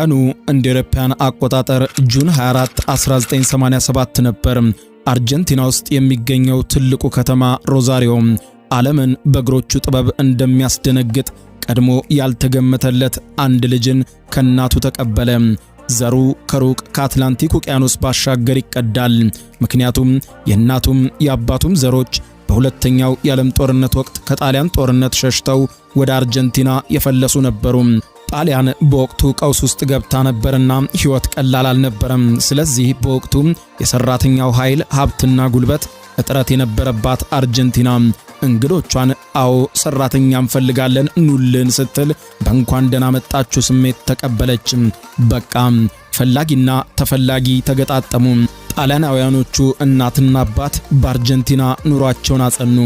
ቀኑ እንደ ኤሮፓያን አቆጣጠር ጁን 24 1987 ነበር። አርጀንቲና ውስጥ የሚገኘው ትልቁ ከተማ ሮዛሪዮ ዓለምን በእግሮቹ ጥበብ እንደሚያስደነግጥ ቀድሞ ያልተገመተለት አንድ ልጅን ከእናቱ ተቀበለ። ዘሩ ከሩቅ ከአትላንቲክ ውቅያኖስ ባሻገር ይቀዳል። ምክንያቱም የእናቱም የአባቱም ዘሮች በሁለተኛው የዓለም ጦርነት ወቅት ከጣሊያን ጦርነት ሸሽተው ወደ አርጀንቲና የፈለሱ ነበሩ። ጣሊያን በወቅቱ ቀውስ ውስጥ ገብታ ነበርና ሕይወት ቀላል አልነበረም። ስለዚህ በወቅቱ የሰራተኛው ኃይል ሀብትና ጉልበት እጥረት የነበረባት አርጀንቲና እንግዶቿን አዎ ሰራተኛ እንፈልጋለን ኑልን ስትል በእንኳን ደህና መጣችሁ ስሜት ተቀበለች። በቃ ፈላጊና ተፈላጊ ተገጣጠሙ። ጣሊያናውያኖቹ እናትና አባት በአርጀንቲና ኑሯቸውን አጸኑ።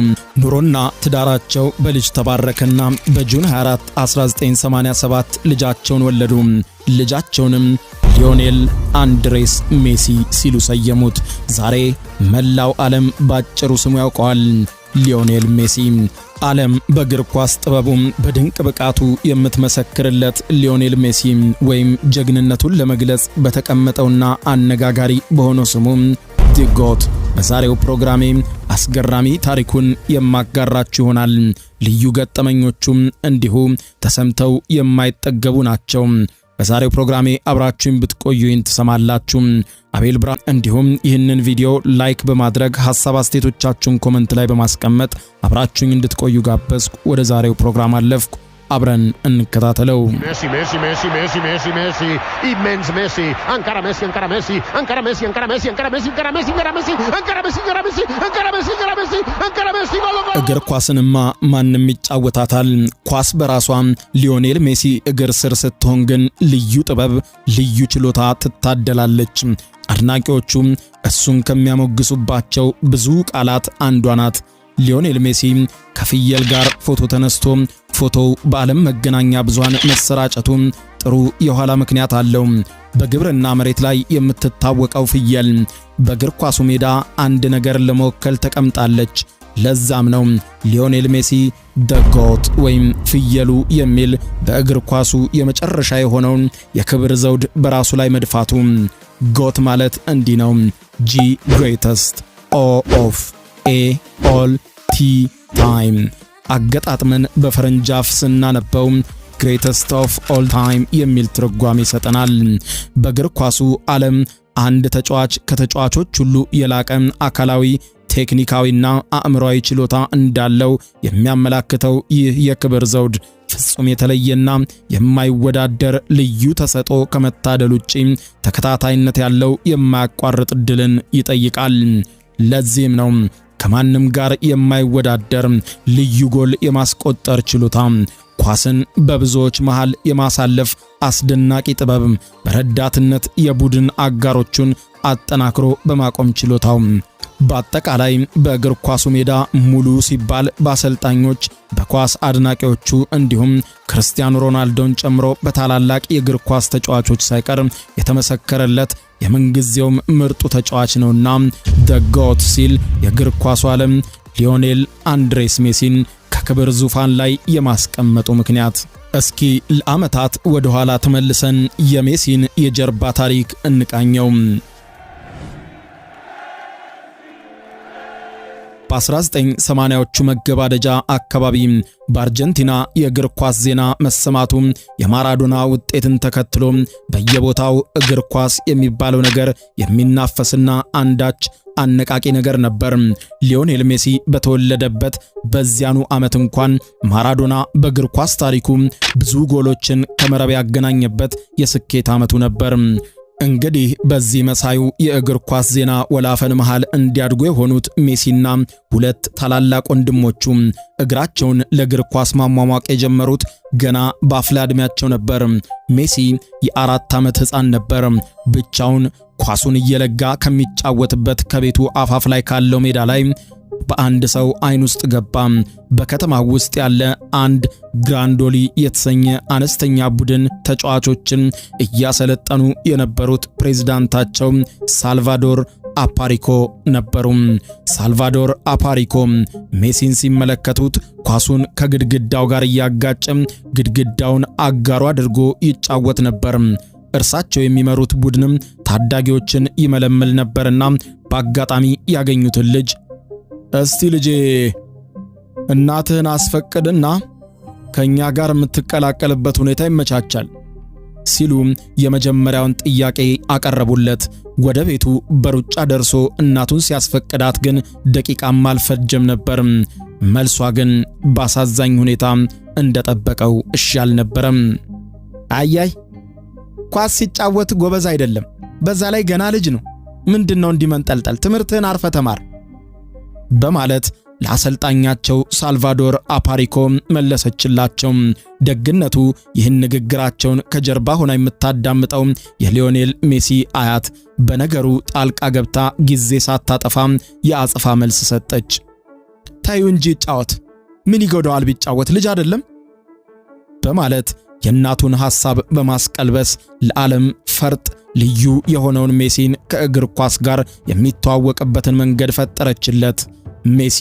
ኑሮና ትዳራቸው በልጅ ተባረከና በጁን 24 1987 ልጃቸውን ወለዱ። ልጃቸውንም ሊዮኔል አንድሬስ ሜሲ ሲሉ ሰየሙት። ዛሬ መላው ዓለም ባጭሩ ስሙ ያውቀዋል። ሊዮኔል ሜሲ ዓለም በእግር ኳስ ጥበቡም በድንቅ ብቃቱ የምትመሰክርለት ሊዮኔል ሜሲ ወይም ጀግንነቱን ለመግለጽ በተቀመጠውና አነጋጋሪ በሆነው ስሙ ዲጎት በዛሬው ፕሮግራሜ አስገራሚ ታሪኩን የማጋራችሁ ይሆናል። ልዩ ገጠመኞቹም እንዲሁ ተሰምተው የማይጠገቡ ናቸው። በዛሬው ፕሮግራሜ አብራችሁን ብትቆዩኝ ትሰማላችሁ። አቤል ብራ እንዲሁም ይህንን ቪዲዮ ላይክ በማድረግ ሐሳብ አስተያየቶቻችሁን ኮመንት ላይ በማስቀመጥ አብራችሁኝ እንድትቆዩ ጋበዝኩ። ወደ ዛሬው ፕሮግራም አለፍኩ። አብረን እንከታተለው። እግር ኳስንማ ማንም ይጫወታታል። ኳስ በራሷ ሊዮኔል ሜሲ እግር ስር ስትሆን ግን ልዩ ጥበብ፣ ልዩ ችሎታ ትታደላለች። አድናቂዎቹም እሱን ከሚያሞግሱባቸው ብዙ ቃላት አንዷ ናት። ሊዮኔል ሜሲ ከፍየል ጋር ፎቶ ተነስቶ ፎቶው በዓለም መገናኛ ብዙሃን መሰራጨቱ ጥሩ የኋላ ምክንያት አለው። በግብርና መሬት ላይ የምትታወቀው ፍየል በእግር ኳሱ ሜዳ አንድ ነገር ለመወከል ተቀምጣለች። ለዛም ነው ሊዮኔል ሜሲ ደጎት ወይም ፍየሉ የሚል በእግር ኳሱ የመጨረሻ የሆነውን የክብር ዘውድ በራሱ ላይ መድፋቱ። ጎት ማለት እንዲህ ነው፣ ጂ ግሬተስት ኦ ኦፍ ኤ ኦል ቲ ታይም አገጣጥመን በፈረንጅ አፍ ስናነበው ግሬተስት ኦፍ ኦል ታይም የሚል ትርጓሜ ይሰጠናል። በእግር ኳሱ ዓለም አንድ ተጫዋች ከተጫዋቾች ሁሉ የላቀ አካላዊ ቴክኒካዊና አእምሯዊ ችሎታ እንዳለው የሚያመላክተው ይህ የክብር ዘውድ ፍጹም የተለየና የማይወዳደር ልዩ ተሰጦ ከመታደል ውጪ ተከታታይነት ያለው የማያቋርጥ ድልን ይጠይቃል። ለዚህም ነው ከማንም ጋር የማይወዳደር ልዩ ጎል የማስቆጠር ችሎታ፣ ኳስን በብዙዎች መሃል የማሳለፍ አስደናቂ ጥበብ፣ በረዳትነት የቡድን አጋሮቹን አጠናክሮ በማቆም ችሎታው በአጠቃላይ በእግር ኳሱ ሜዳ ሙሉ ሲባል በአሰልጣኞች በኳስ አድናቂዎቹ እንዲሁም ክርስቲያኖ ሮናልዶን ጨምሮ በታላላቅ የእግር ኳስ ተጫዋቾች ሳይቀር የተመሰከረለት የምንጊዜውም ምርጡ ተጫዋች ነውና ደጋዎት ሲል የእግር ኳሱ ዓለም ሊዮኔል አንድሬስ ሜሲን ከክብር ዙፋን ላይ የማስቀመጡ ምክንያት። እስኪ ለዓመታት ወደኋላ ተመልሰን የሜሲን የጀርባ ታሪክ እንቃኘው። በ1980ዎቹ መገባደጃ አካባቢ በአርጀንቲና የእግር ኳስ ዜና መሰማቱ የማራዶና ውጤትን ተከትሎ በየቦታው እግር ኳስ የሚባለው ነገር የሚናፈስና አንዳች አነቃቂ ነገር ነበር። ሊዮኔል ሜሲ በተወለደበት በዚያኑ ዓመት እንኳን ማራዶና በእግር ኳስ ታሪኩ ብዙ ጎሎችን ከመረብ ያገናኘበት የስኬት ዓመቱ ነበር። እንግዲህ በዚህ መሳዩ የእግር ኳስ ዜና ወላፈን መሃል እንዲያድጉ የሆኑት ሜሲና ሁለት ታላላቅ ወንድሞቹ እግራቸውን ለእግር ኳስ ማሟሟቅ የጀመሩት ገና በአፍላ ዕድሜያቸው ነበር። ሜሲ የአራት ዓመት ሕፃን ነበር። ብቻውን ኳሱን እየለጋ ከሚጫወትበት ከቤቱ አፋፍ ላይ ካለው ሜዳ ላይ በአንድ ሰው አይን ውስጥ ገባ በከተማው ውስጥ ያለ አንድ ግራንዶሊ የተሰኘ አነስተኛ ቡድን ተጫዋቾችን እያሰለጠኑ የነበሩት ፕሬዝዳንታቸው ሳልቫዶር አፓሪኮ ነበሩ። ሳልቫዶር አፓሪኮ ሜሲን ሲመለከቱት ኳሱን ከግድግዳው ጋር እያጋጨ ግድግዳውን አጋሩ አድርጎ ይጫወት ነበር። እርሳቸው የሚመሩት ቡድንም ታዳጊዎችን ይመለምል ነበርና በአጋጣሚ ያገኙትን ልጅ እስቲ ልጄ እናትህን አስፈቅድና ከእኛ ጋር የምትቀላቀልበት ሁኔታ ይመቻቻል ሲሉ የመጀመሪያውን ጥያቄ አቀረቡለት። ወደ ቤቱ በሩጫ ደርሶ እናቱን ሲያስፈቅዳት ግን ደቂቃም አልፈጀም ነበር። መልሷ ግን ባሳዛኝ ሁኔታ እንደጠበቀው እሺ አልነበረም። አያይ ኳስ ሲጫወት ጎበዝ አይደለም፣ በዛ ላይ ገና ልጅ ነው። ምንድነው እንዲመንጠልጠል? ትምህርትህን አርፈ ተማር በማለት ለአሰልጣኛቸው ሳልቫዶር አፓሪኮ መለሰችላቸው። ደግነቱ ይህን ንግግራቸውን ከጀርባ ሆና የምታዳምጠው የሊዮኔል ሜሲ አያት በነገሩ ጣልቃ ገብታ ጊዜ ሳታጠፋ የአጽፋ መልስ ሰጠች። ታዩ እንጂ ምን ይጎዳዋል ቢጫወት ልጅ አይደለም? በማለት የእናቱን ሐሳብ በማስቀልበስ ለዓለም ፈርጥ ልዩ የሆነውን ሜሲን ከእግር ኳስ ጋር የሚተዋወቅበትን መንገድ ፈጠረችለት። ሜሲ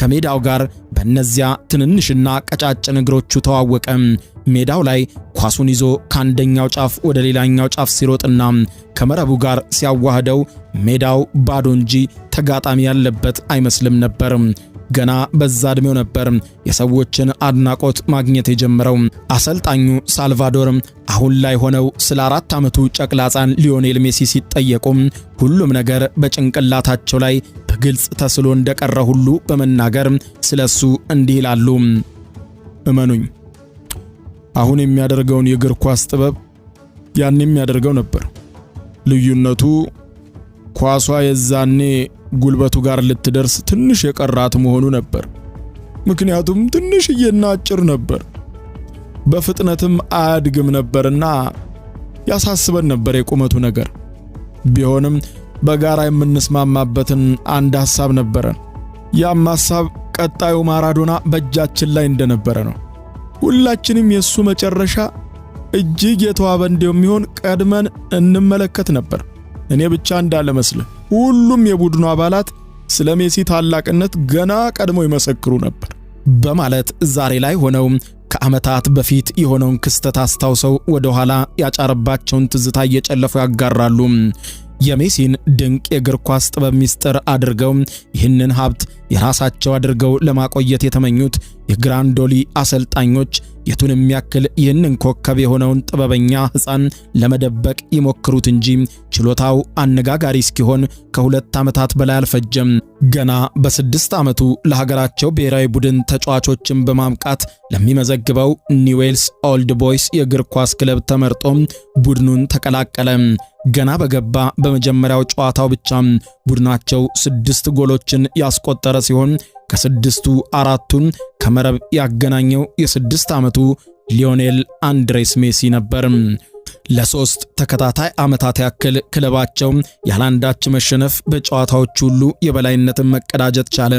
ከሜዳው ጋር በእነዚያ ትንንሽና ቀጫጭን እግሮቹ ተዋወቀ። ሜዳው ላይ ኳሱን ይዞ ከአንደኛው ጫፍ ወደ ሌላኛው ጫፍ ሲሮጥና ከመረቡ ጋር ሲያዋህደው ሜዳው ባዶ እንጂ ተጋጣሚ ያለበት አይመስልም ነበር። ገና በዛ ዕድሜው ነበር የሰዎችን አድናቆት ማግኘት የጀመረው። አሰልጣኙ ሳልቫዶር አሁን ላይ ሆነው ስለ አራት ዓመቱ ጨቅላ ሕፃን ሊዮኔል ሜሲ ሲጠየቁ ሁሉም ነገር በጭንቅላታቸው ላይ በግልጽ ተስሎ እንደቀረ ሁሉ በመናገር ስለ እሱ እንዲህ ይላሉ። እመኑኝ፣ አሁን የሚያደርገውን የእግር ኳስ ጥበብ ያን የሚያደርገው ነበር። ልዩነቱ ኳሷ የዛኔ ጉልበቱ ጋር ልትደርስ ትንሽ የቀራት መሆኑ ነበር። ምክንያቱም ትንሽዬና አጭር ነበር። በፍጥነትም አያድግም ነበርና ያሳስበን ነበር የቁመቱ ነገር። ቢሆንም በጋራ የምንስማማበትን አንድ ሐሳብ ነበረን። ያም ሐሳብ ቀጣዩ ማራዶና በእጃችን ላይ እንደነበረ ነው። ሁላችንም የሱ መጨረሻ እጅግ የተዋበ እንደሚሆን ቀድመን እንመለከት ነበር። እኔ ብቻ እንዳለ መስለ ሁሉም የቡድኑ አባላት ስለ ሜሲ ታላቅነት ገና ቀድሞ ይመሰክሩ ነበር በማለት ዛሬ ላይ ሆነው ከዓመታት በፊት የሆነውን ክስተት አስታውሰው ወደ ኋላ ያጫረባቸውን ትዝታ እየጨለፉ ያጋራሉ። የሜሲን ድንቅ የእግር ኳስ ጥበብ ሚስጥር አድርገው ይህንን ሀብት የራሳቸው አድርገው ለማቆየት የተመኙት የግራንዶሊ አሰልጣኞች የቱን የሚያክል ይህንን ኮከብ የሆነውን ጥበበኛ ሕፃን ለመደበቅ ይሞክሩት እንጂ ችሎታው አነጋጋሪ እስኪሆን ከሁለት ዓመታት በላይ አልፈጀም። ገና በስድስት ዓመቱ ለሀገራቸው ብሔራዊ ቡድን ተጫዋቾችን በማምቃት ለሚመዘግበው ኒውዌልስ ኦልድ ቦይስ የእግር ኳስ ክለብ ተመርጦ ቡድኑን ተቀላቀለ። ገና በገባ በመጀመሪያው ጨዋታው ብቻ ቡድናቸው ስድስት ጎሎችን ያስቆጠረ ሲሆን ከስድስቱ አራቱን ከመረብ ያገናኘው የስድስት ዓመቱ ሊዮኔል አንድሬስ ሜሲ ነበር። ለሶስት ተከታታይ ዓመታት ያክል ክለባቸው ያላንዳች መሸነፍ በጨዋታዎች ሁሉ የበላይነትን መቀዳጀት ቻለ።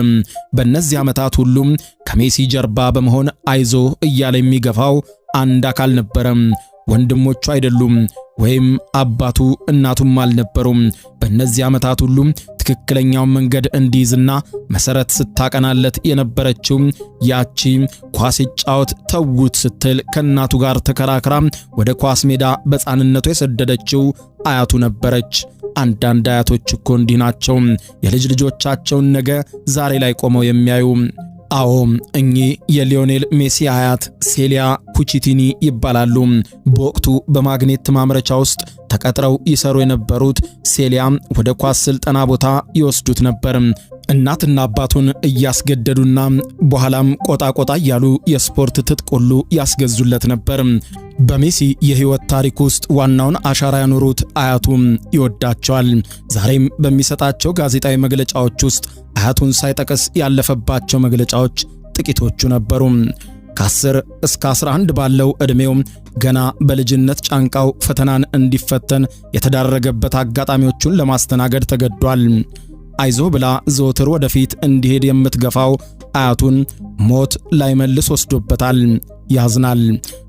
በእነዚህ ዓመታት ሁሉም ከሜሲ ጀርባ በመሆን አይዞ እያለ የሚገፋው አንድ አካል ነበረም። ወንድሞቹ አይደሉም ወይም አባቱ እናቱም አልነበሩም። በእነዚህ ዓመታት ሁሉም ትክክለኛውን መንገድ እንዲይዝና መሰረት ስታቀናለት የነበረችው ያቺ ኳስ ይጫወት ተዉት ስትል ከእናቱ ጋር ተከራክራ ወደ ኳስ ሜዳ በሕፃንነቱ የሰደደችው አያቱ ነበረች። አንዳንድ አያቶች እኮ እንዲህ ናቸው፣ የልጅ ልጆቻቸውን ነገ ዛሬ ላይ ቆመው የሚያዩ። አዎም እኚህ የሊዮኔል ሜሲ አያት ሴሊያ ፑቺቲኒ ይባላሉ። በወቅቱ በማግኔት ማምረቻ ውስጥ ተቀጥረው ይሰሩ የነበሩት ሴሊያም ወደ ኳስ ስልጠና ቦታ ይወስዱት ነበር። እናትና አባቱን እያስገደዱና በኋላም ቆጣ ቆጣ እያሉ የስፖርት ትጥቅ ሁሉ ያስገዙለት ነበር። በሜሲ የህይወት ታሪክ ውስጥ ዋናውን አሻራ ያኖሩት አያቱም ይወዳቸዋል። ዛሬም በሚሰጣቸው ጋዜጣዊ መግለጫዎች ውስጥ አያቱን ሳይጠቅስ ያለፈባቸው መግለጫዎች ጥቂቶቹ ነበሩ። ከ10 እስከ 11 ባለው ዕድሜው ገና በልጅነት ጫንቃው ፈተናን እንዲፈተን የተዳረገበት አጋጣሚዎቹን ለማስተናገድ ተገዷል። አይዞ ብላ ዘወትር ወደፊት እንዲሄድ የምትገፋው አያቱን ሞት ላይመልስ ወስዶበታል። ያዝናል።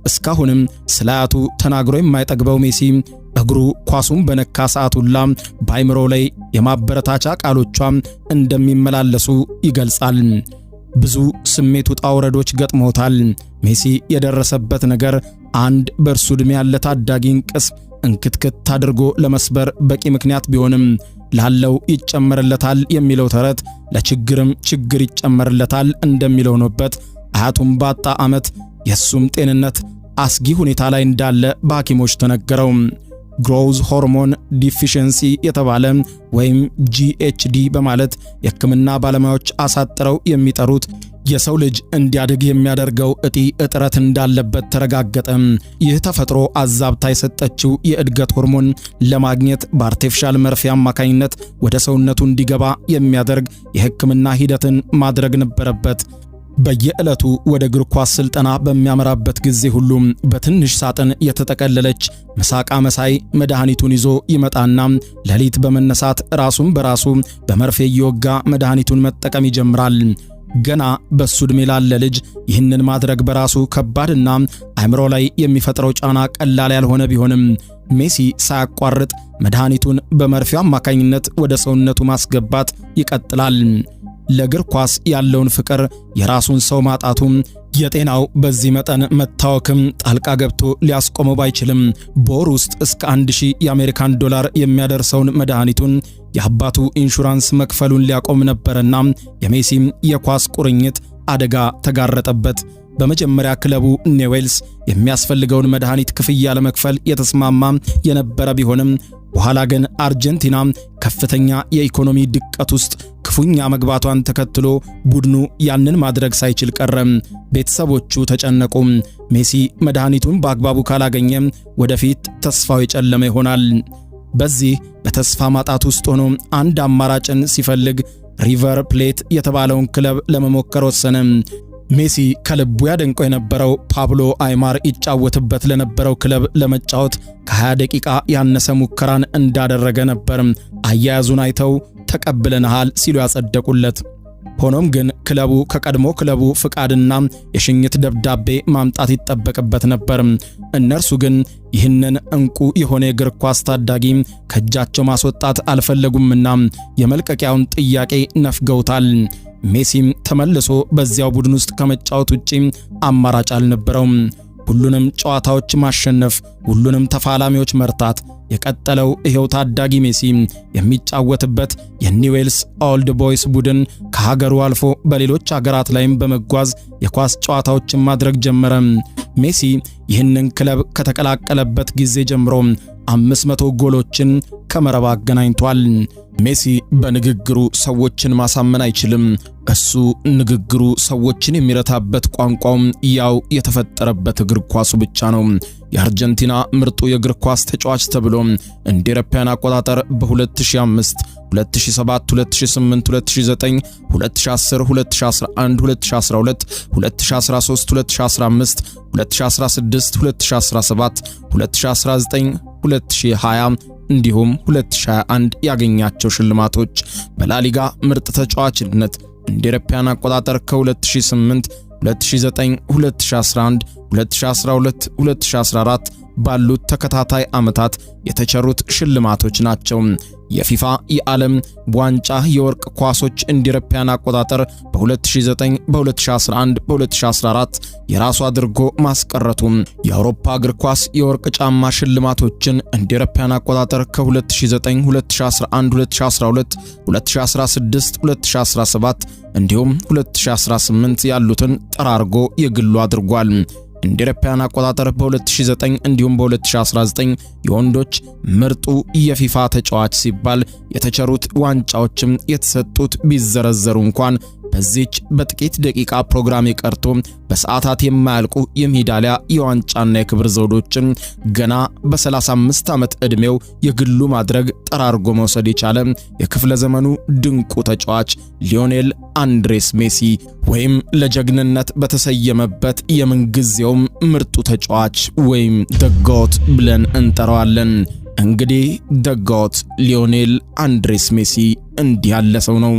እስካሁንም ስለ አያቱ ተናግሮ የማይጠግበው ሜሲ እግሩ ኳሱን በነካ ሰዓት ሁላ በአይምሮ ላይ የማበረታቻ ቃሎቿ እንደሚመላለሱ ይገልጻል። ብዙ ስሜት ውጣ ውረዶች ገጥሞታል። ሜሲ የደረሰበት ነገር አንድ በእርሱ ዕድሜ ያለ ታዳጊን ቅስም እንክትክት አድርጎ ለመስበር በቂ ምክንያት ቢሆንም ላለው ይጨመርለታል የሚለው ተረት ለችግርም ችግር ይጨመርለታል እንደሚለው ሆኖበት አያቱም ባጣ ዓመት የእሱም ጤንነት አስጊ ሁኔታ ላይ እንዳለ በሐኪሞች ተነገረው። ግሮዝ ሆርሞን ዲፊሽንሲ የተባለ ወይም ጂኤችዲ በማለት የሕክምና ባለሙያዎች አሳጥረው የሚጠሩት የሰው ልጅ እንዲያድግ የሚያደርገው እጢ እጥረት እንዳለበት ተረጋገጠ። ይህ ተፈጥሮ አዛብታ የሰጠችው የእድገት ሆርሞን ለማግኘት በአርቴፊሻል መርፌ አማካኝነት ወደ ሰውነቱ እንዲገባ የሚያደርግ የሕክምና ሂደትን ማድረግ ነበረበት። በየዕለቱ ወደ እግር ኳስ ስልጠና በሚያመራበት ጊዜ ሁሉም በትንሽ ሳጥን የተጠቀለለች መሳቃ መሳይ መድኃኒቱን ይዞ ይመጣና ሌሊት በመነሳት ራሱን በራሱ በመርፌ እየወጋ መድኃኒቱን መጠቀም ይጀምራል። ገና በሱ ዕድሜ ላለ ልጅ ይህንን ማድረግ በራሱ ከባድና አእምሮ ላይ የሚፈጥረው ጫና ቀላል ያልሆነ ቢሆንም ሜሲ ሳያቋርጥ መድኃኒቱን በመርፌው አማካኝነት ወደ ሰውነቱ ማስገባት ይቀጥላል። ለእግር ኳስ ያለውን ፍቅር የራሱን ሰው ማጣቱም የጤናው በዚህ መጠን መታወክም ጣልቃ ገብቶ ሊያስቆመው ባይችልም በወር ውስጥ እስከ አንድ ሺህ የአሜሪካን ዶላር የሚያደርሰውን መድኃኒቱን የአባቱ ኢንሹራንስ መክፈሉን ሊያቆም ነበረና የሜሲም የኳስ ቁርኝት አደጋ ተጋረጠበት። በመጀመሪያ ክለቡ ኔዌልስ የሚያስፈልገውን መድኃኒት ክፍያ ለመክፈል የተስማማ የነበረ ቢሆንም በኋላ ግን አርጀንቲና ከፍተኛ የኢኮኖሚ ድቀት ውስጥ ክፉኛ መግባቷን ተከትሎ ቡድኑ ያንን ማድረግ ሳይችል ቀረም። ቤተሰቦቹ ተጨነቁ። ሜሲ መድኃኒቱን በአግባቡ ካላገኘ ወደፊት ተስፋው የጨለመ ይሆናል። በዚህ በተስፋ ማጣት ውስጥ ሆኖ አንድ አማራጭን ሲፈልግ ሪቨር ፕሌት የተባለውን ክለብ ለመሞከር ወሰነ። ሜሲ ከልቡ ያደንቀው የነበረው ፓብሎ አይማር ይጫወትበት ለነበረው ክለብ ለመጫወት ከ20 ደቂቃ ያነሰ ሙከራን እንዳደረገ ነበር። አያያዙን አይተው ተቀብለንሃል ሲሉ ያጸደቁለት። ሆኖም ግን ክለቡ ከቀድሞ ክለቡ ፍቃድና የሽኝት ደብዳቤ ማምጣት ይጠበቅበት ነበር። እነርሱ ግን ይህንን እንቁ የሆነ የእግር ኳስ ታዳጊ ከእጃቸው ማስወጣት አልፈለጉምና የመልቀቂያውን ጥያቄ ነፍገውታል። ሜሲም ተመልሶ በዚያው ቡድን ውስጥ ከመጫወት ውጪ አማራጭ አልነበረውም። ሁሉንም ጨዋታዎች ማሸነፍ፣ ሁሉንም ተፋላሚዎች መርታት የቀጠለው ይሄው ታዳጊ ሜሲ የሚጫወትበት የኒውዌልስ ኦልድ ቦይስ ቡድን ከሀገሩ አልፎ በሌሎች ሀገራት ላይም በመጓዝ የኳስ ጨዋታዎችን ማድረግ ጀመረ። ሜሲ ይህንን ክለብ ከተቀላቀለበት ጊዜ ጀምሮ 500 ጎሎችን ከመረብ አገናኝቷል። ሜሲ በንግግሩ ሰዎችን ማሳመን አይችልም። እሱ ንግግሩ ሰዎችን የሚረታበት ቋንቋውም ያው የተፈጠረበት እግር ኳሱ ብቻ ነው። የአርጀንቲና ምርጡ የእግር ኳስ ተጫዋች ተብሎ እንደ አውሮፓውያን አቆጣጠር በ2005፣ 2007፣ 2008፣ 2009፣ 2010፣ 2011፣ 2012፣ 2013፣ 2015፣ 2016፣ 2017፣ 2019፣ 2020 እንዲሁም 2021 ያገኛቸው ሽልማቶች በላሊጋ ምርጥ ተጫዋችነት እንደ አውሮፓውያን አቆጣጠር ከ2008 2009 2011 2012 2014 ባሉት ተከታታይ ዓመታት የተቸሩት ሽልማቶች ናቸው። የፊፋ የዓለም ዋንጫ የወርቅ ኳሶች እንደ አውሮፓውያን አቆጣጠር በ2009፣ በ2011፣ በ2014 የራሱ አድርጎ ማስቀረቱ የአውሮፓ እግር ኳስ የወርቅ ጫማ ሽልማቶችን እንደ አውሮፓውያን አቆጣጠር ከ2009፣ 2011፣ 2012፣ 2016፣ 2017 እንዲሁም 2018 ያሉትን ጠራርጎ የግሉ አድርጓል። እንደ አውሮፓውያን አቆጣጠር በ2009 እንዲሁም በ2019 የወንዶች ምርጡ የፊፋ ተጫዋች ሲባል የተቸሩት ዋንጫዎችም የተሰጡት ቢዘረዘሩ እንኳን በዚች በጥቂት ደቂቃ ፕሮግራም የቀርቶ በሰዓታት የማያልቁ የሜዳሊያ የዋንጫና የክብር ዘውዶችን ገና በ35 ዓመት ዕድሜው የግሉ ማድረግ ጠራርጎ መውሰድ የቻለ የክፍለ ዘመኑ ድንቁ ተጫዋች ሊዮኔል አንድሬስ ሜሲ ወይም ለጀግንነት በተሰየመበት የምንጊዜውም ምርጡ ተጫዋች ወይም ደጋዎት ብለን እንጠራዋለን። እንግዲህ ደጋዎት ሊዮኔል አንድሬስ ሜሲ እንዲህ ያለ ሰው ነው።